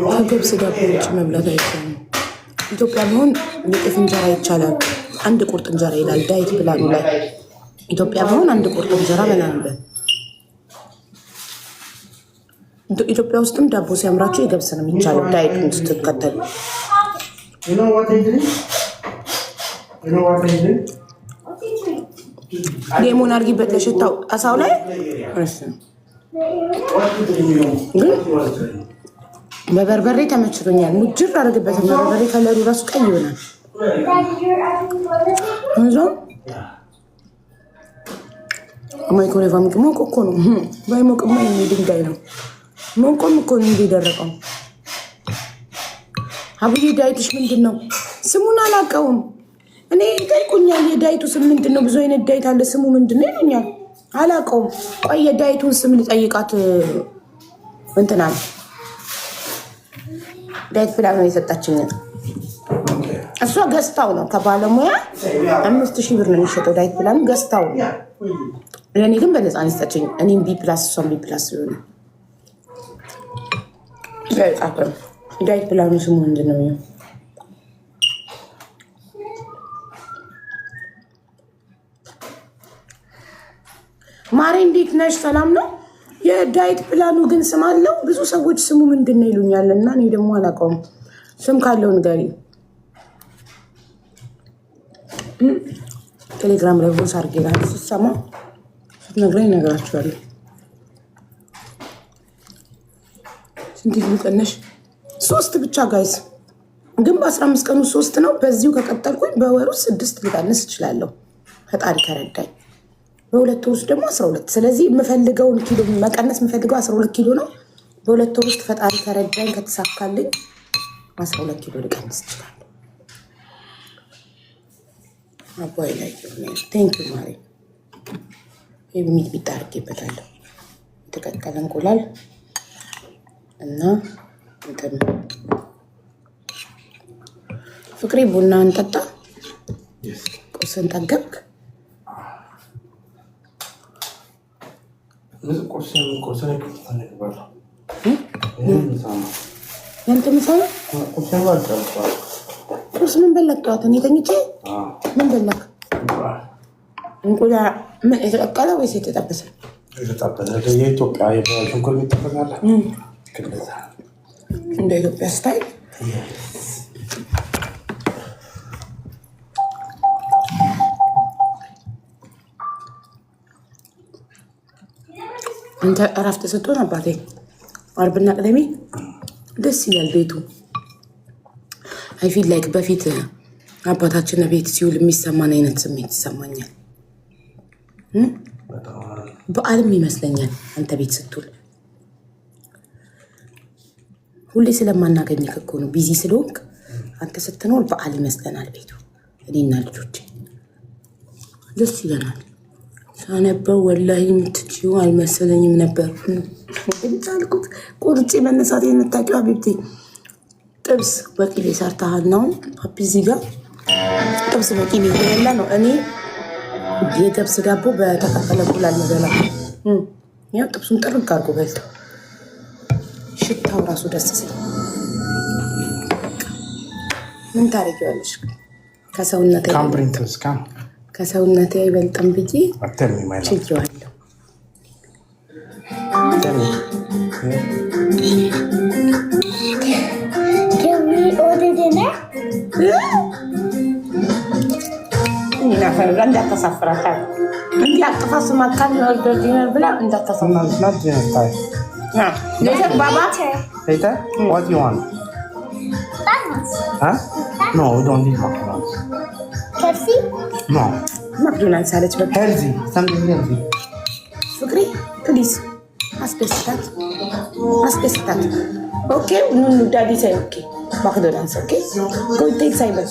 ከገብስ ዳቦ ውጭ መብላት አይቻልም። ኢትዮጵያ ቢሆን የጤፍ እንጀራ ይቻላል። አንድ ቁርጥ እንጀራ ይላል ዳይት ፕላኑ ላይ። ኢትዮጵያ ቢሆን አንድ ቁርጥ እንጀራ በላንበት። ኢትዮጵያ ውስጥም ዳቦ ሲያምራቸው የገብስ ነው የሚቻለው ዳይቱን ስትከተሉ ሌሞን አድርጊበት ለሽታው አሳው ላይ ግን በበርበሬ ተመችቶኛል። ሙጅር አደረግበት በበርበሬ ከለሩ ራሱ ቀይ ይሆናል። እዞም ማይክሮዌቭ ሞቅ እኮ ነው። ባይሞቅማ ድንጋይ ነው። ሞቆም እኮ ነው የደረቀው። አብዬ ዳይትሽ ምንድን ነው? ስሙን አላውቀውም እኔ። ይጠይቁኛል የዳይቱ ስም ምንድን ነው? ብዙ አይነት ዳይት አለ። ስሙ ምንድን ነው ይሉኛል። አላውቀውም። ቆይ የዳይቱን ስም ልጠይቃት። እንትና ዳይት ብላ ነው የሰጣችኝ። እሷ ገዝታው ነው ከባለሙያ አምስት ሺህ ብር ነው የሚሸጠው ዳይት ፕላን ገዝታው ነው። ለእኔ ግን በነፃ ነው የሰጠችኝ። እኔም ቢ ፕላስ እሷም ቢ ፕላስ ሆነ ዳይት ብላ ነው ስሙ ምንድን ነው? ማሬ እንዴት ነሽ? ሰላም ነው። የዳይት ፕላኑ ግን ስም አለው። ብዙ ሰዎች ስሙ ምንድን ነው ይሉኛል እና እኔ ደግሞ አላውቀውም። ስም ካለው ንገሪ። ቴሌግራም ላይ ቦስ አድርጌ ስትሰማ ስትነግረኝ እነግራችኋለሁ። ስንት ቀነሽ? ሶስት ብቻ ጋይስ ግን በአስራ አምስት ቀኑ ሶስት ነው። በዚሁ ከቀጠልኩኝ በወሩ ስድስት ልቀንስ እችላለሁ ፈጣሪ ከረዳኝ። በሁለት ወር ውስጥ ደግሞ አስራ ሁለት ስለዚህ የምፈልገውን ኪሎ መቀነስ የምፈልገው አስራ ሁለት ኪሎ ነው። በሁለት ወር ውስጥ ፈጣሪ ከረዳኝ ከተሳካልኝ አስራ ሁለት ኪሎ ልቀንስ ይችላል። አባይ ላይ ዩ ማሪ ሚጥሚጣ አድርጌበታለሁ። የተቀቀለ እንቁላል እና እንትን ፍቅሬ ቡና እንጠጣ። ቁርስን ጠገብክ? ቁርስ ምን በላክ? ጠዋት እኔ ተኝቼ ምን በላክ? እንቁላል የተቀቀለ ወይስ የተጠበሰ? የኢትዮጵያ ሽንኩርት ይጠበሳል እንደ ኢትዮጵያ ስታይል አንተ እረፍት ስትሆን አባቴ አርብና ቅደሜ ደስ ይላል ቤቱ። አይፊል ላይክ በፊት አባታችን ቤት ሲውል የሚሰማን አይነት ስሜት ይሰማኛል። በዓልም ይመስለኛል አንተ ቤት ስትውል። ሁሌ ስለማናገኝ እኮ ነው፣ ቢዚ ስለሆንክ አንተ ስትኖር በዓል ይመስለናል ቤቱ። እኔና ልጆች ደስ ይለናል። ሳነበው ወላሂ የምትችይው አልመሰለኝም ነበር። ጫልኩት ቁርጭ መነሳት የምታውቂው ሀቢብቴ ጥብስ በቂቤ ሰርተሃል ነው ፓፒዚ ጋር ጥብስ በቂቤ የበላ ነው። እኔ የገብስ ዳቦ በተቀቀለ እንቁላል መበላ ያው ጥብሱን ጥርግ አድርጎ በልቶ ሽታው ራሱ ደስ ሲል ምን ታደርጊዋለሽ? ከሰውነት ከሰውነቴ አይበልጥም ብዬ ችየዋለሁ። እንዳታሳፍራታል እንዲያቅፋ ስማካል ብላ እንዳታሳፍራታል ፐርሲ ማክዶናልድስ አለች። ፐርሲ ፍቅሪ ፕሊዝ አስደስታት፣ አስደስታት። ኦኬ ኑኑ ዳዲ ሳይ ኦኬ ማክዶናልድስ ኦኬ ጎ ቴል ሳይመን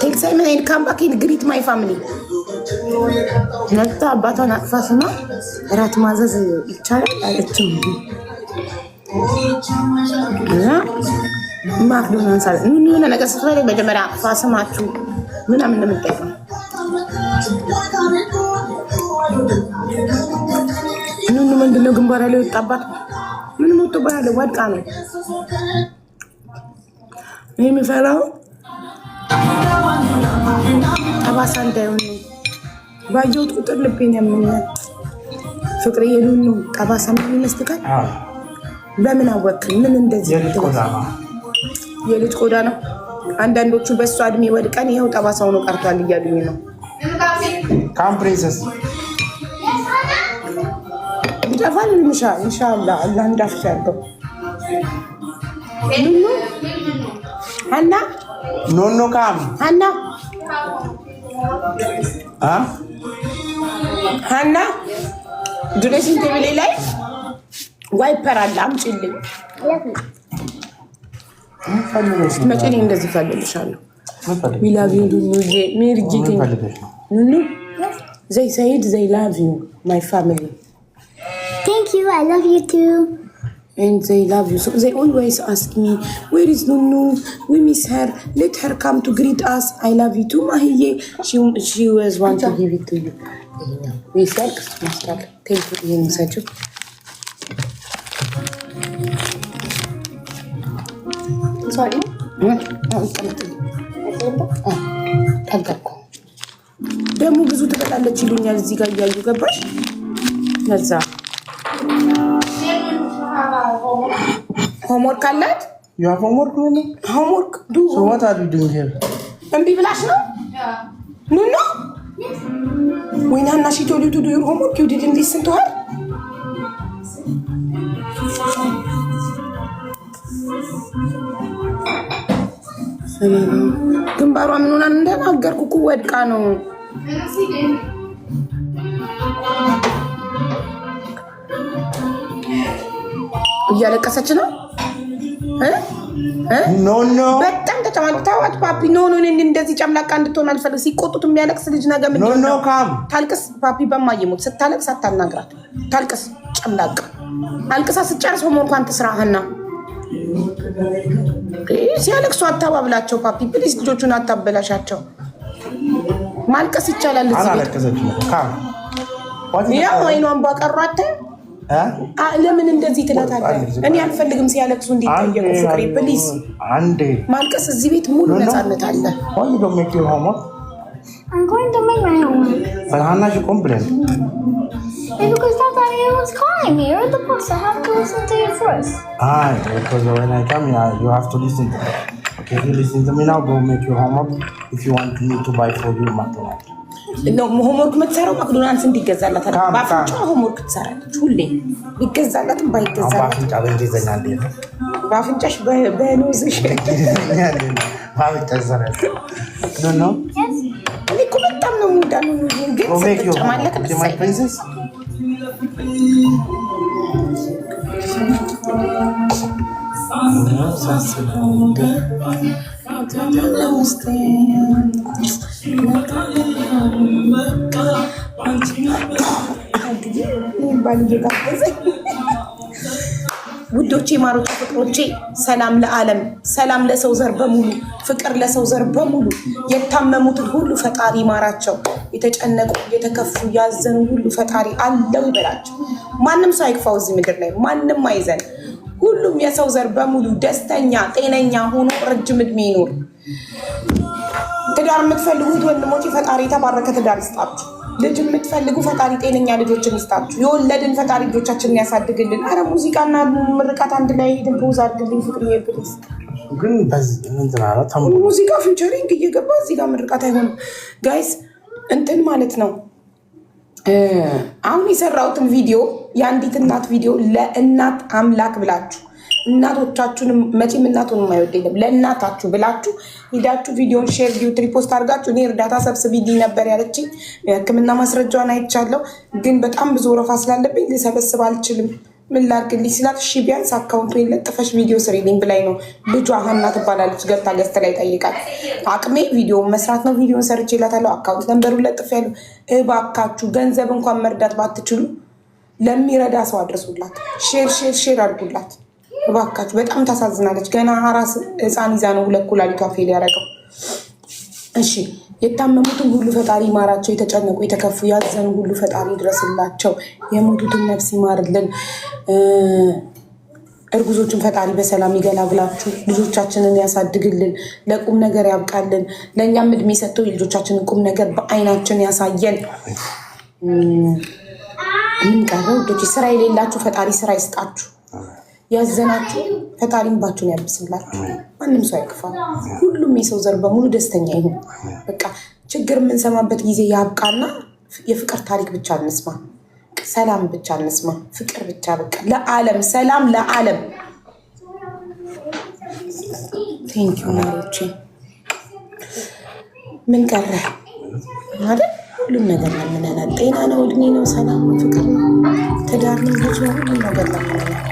ቴል ሳይመን ኤንድ ካም ባክ ኤንድ ግሪት ማይ ፋሚሊ ነታ አባቷን አቅፋ እራት ማዘዝ ይቻላል አለችው። እና ማክዶናልድስ አለች ኑኑ የሆነ ነገር ስትበላ መጀመሪያ አቅፋ ምናምን ነው የምንጠቀመው። ኑኑ ምንድን ነው ግንባሯ ላይ ወጣባት? ምንም ወጥቶባት ወድቃ ነው ይህ የሚፈራው ጠባሳ እንዳይሆን ባየሁት ቁጥር ልቤን ያምኛ ፍቅር የሉኑ ጠባሳ ምን ይመስልካል? በምን አወክል ምን እንደዚህ የልጅ ቆዳ ነው አንዳንዶቹ በእሷ እድሜ ወድቀን ይኸው ጠባሳ ሆኖ ቀርቷል እያሉኝ ነው። ካም ካምፕሬሰስ ይጠፋል። ኢንሻላ አላህ እንዳፍ ያርገው። አና ኖኖ ካም ሀና ሀና ድሬሲንግ ቴብሌ ላይ ዋይፐር አለ አምጪልኝ መቼ እንደዚህ ፈልግሻለሁ። ላቭ ዘይ ሰይድ ዘይ ላቭ ዩ ማይ ፋሚሊ ቴንክ ዩ አይ ላቭ ዩ ቱ and they love you. So they always ask me, where is Nunu? We miss her. Let her come to greet us. I love you too, Mahiye. She, she always want to give it to you. We thank you. Thank you. ደግሞ ብዙ ትቀጣለች ይሉኛል እዚህ ጋር እያዩ ገባሽ ነዛ ሆምወርክ አላት ያ ሆምወርክ ሆምወርክ ዱ ሰዋት ይሄ እምቢ ብላሽ ነው ወይና እና ዱ ሆምወርክ ዩ ዲድ እንዲስ ግንባሯ ምን ሆናል? እንደናገርኩ እኮ ወድቃ ነው። እያለቀሰች ነው። በጣም ተጨማል ታዋት ፓፒ ኖ ኖ እንደዚህ ጨምላቃ እንድትሆን አልፈልግ። ሲቆጡት የሚያለቅስ ልጅ ነገ ምንድን ታልቅስ ፓፒ በማየሙት ስታለቅስ አታናግራት። ታልቅስ ጨምላቃ አልቅሳ ስጨርስ ሆሞርኳን ትስራህና ሲያለቅሱ አታባብላቸው። ፓፒ ፕሊዝ ልጆቹን አታበላሻቸው። ማልቀስ ይቻላል። ያው አይኗን ባቀሯተ ለምን እንደዚህ ትላታለህ? እኔ አልፈልግም ሲያለቅሱ እንዲጠየቁ። ፍቅሬ ፕሊዝ ማልቀስ እዚህ ቤት ሙሉ ነፃነት አለ። I'm going to make my homework. But how much you complain? It's because that time was calling me. You're the boss. I have to listen to you first. Ah, because when I come here, you have to listen to me. Okay, if you listen to me now, go make your homework if you want me to buy for you McDonald's. ነው ሆምወርክ የምትሰራው ማክዶናልድስ እንዲገዛላት በአፍንጫ ሆምወርክ ትሰራለች ሁሌ ይገዛላትም ባይገዛላት በእንግሊዝኛ እንዴት ነው በአፍንጫሽ በኖዝሽ በአፍንጫ ሰራ ነው I'm getting we'll something my look at the same. ውዶቼ ማሮቼ ፍቅሮቼ፣ ሰላም ለዓለም፣ ሰላም ለሰው ዘር በሙሉ፣ ፍቅር ለሰው ዘር በሙሉ። የታመሙትን ሁሉ ፈጣሪ ማራቸው የተጨነቁ የተከፉ፣ ያዘኑ ሁሉ ፈጣሪ አለው ይበላቸው። ማንም ሰው አይክፋው እዚህ ምድር ላይ ማንም አይዘን። ሁሉም የሰው ዘር በሙሉ ደስተኛ ጤነኛ ሆኖ ረጅም እድሜ ይኖር። ትዳር የምትፈልጉት ወንድሞች ፈጣሪ የተባረከ ትዳር ይስጣችሁ። ልጅ የምትፈልጉ ፈጣሪ ጤነኛ ልጆችን ይስጣችሁ። የወለድን ፈጣሪ ልጆቻችንን ያሳድግልን። አረ ሙዚቃና ምርቃት አንድ ላይ ሄድን ፖዝ አድርግልኝ ፍቅር ብስ ግን ሙዚቃ ፊቸሪንግ እየገባ እዚህ ጋር ምርቃት አይሆንም ጋይስ። እንትን ማለት ነው አሁን የሰራሁትን ቪዲዮ የአንዲት እናት ቪዲዮ ለእናት አምላክ ብላችሁ እናቶቻችሁንም መቼም እናቱን የማይወድ የለም። ለእናታችሁ ብላችሁ ሂዳችሁ ቪዲዮን ሼር ዲዩት ሪፖስት አድርጋችሁ እኔ እርዳታ ሰብስቢዲ ነበር ያለችኝ ሕክምና ማስረጃዋን አይቻለሁ። ግን በጣም ብዙ ወረፋ ስላለብኝ ልሰበስብ አልችልም። ምን ላድርግልኝ ስላት እሺ ቢያንስ አካውንቱ የለጥፈሽ ቪዲዮ ስሪልኝ ብላኝ ነው። ልጇ ሀና ትባላለች። ገብታ ገዝተ ላይ ጠይቃል። አቅሜ ቪዲዮ መስራት ነው። ቪዲዮን ሰርቼ እላታለሁ። አካውንት ነንበሩን ለጥፍ ያለሁ። እባካችሁ ገንዘብ እንኳን መርዳት ባትችሉ ለሚረዳ ሰው አድርሱላት። ሼር ሼር ሼር አድርጉላት። እባካችሁ በጣም ታሳዝናለች። ገና አራስ ህፃን ይዛ ነው ሁለት ኩላሊቷ ፌል ያደረገው። እሺ የታመሙትን ሁሉ ፈጣሪ ማራቸው የተጨነቁ የተከፉ፣ ያዘኑ ሁሉ ፈጣሪ ድረስላቸው የሞቱትን ነፍስ ይማርልን፣ እርጉዞችን ፈጣሪ በሰላም ይገላግላችሁ፣ ልጆቻችንን ያሳድግልን፣ ለቁም ነገር ያብቃልን፣ ለእኛም እድሜ ሰጥቶ የልጆቻችንን ቁም ነገር በአይናችን ያሳየን። ምን ቀረ ውዶች? ስራ የሌላችሁ ፈጣሪ ስራ ይስጣችሁ። ያዘናችሁ ፈጣሪም እንባችሁን ያብስላችሁ። ማንም ሰው አይክፋል። ሁሉም የሰው ዘር በሙሉ ደስተኛ ይሁን። በቃ ችግር የምንሰማበት ጊዜ ያብቃና የፍቅር ታሪክ ብቻ እንስማ፣ ሰላም ብቻ እንስማ፣ ፍቅር ብቻ በቃ ለዓለም ሰላም ለዓለም። ቴንኪዩ ማሪዎቼ። ምን ቀረ ማለት ሁሉም ነገር ለምነናል። ጤና ነው፣ እድሜ ነው፣ ሰላም ነው፣ ፍቅር ነው፣ ትዳር ነው፣ ልጅ ነው፣ ሁሉም ነገር ለምነናል።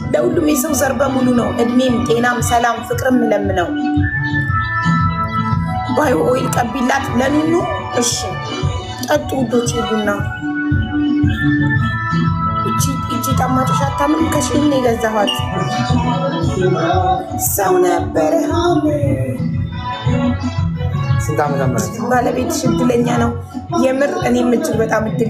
ለሁሉም የሰው ዘር በሙሉ ነው። እድሜም፣ ጤናም፣ ሰላም፣ ፍቅርም ለምነው ባዮ ኦይል ቀቢላት ለኑኑ። እሺ ጠጡ ውዶች፣ ቡና እቺ ጣማጮሽ አታምን ከሽን የገዛኋት ሰው ነበረ። ባለቤትሽ እድለኛ ነው የምር። እኔም እጅግ በጣም እድለኛ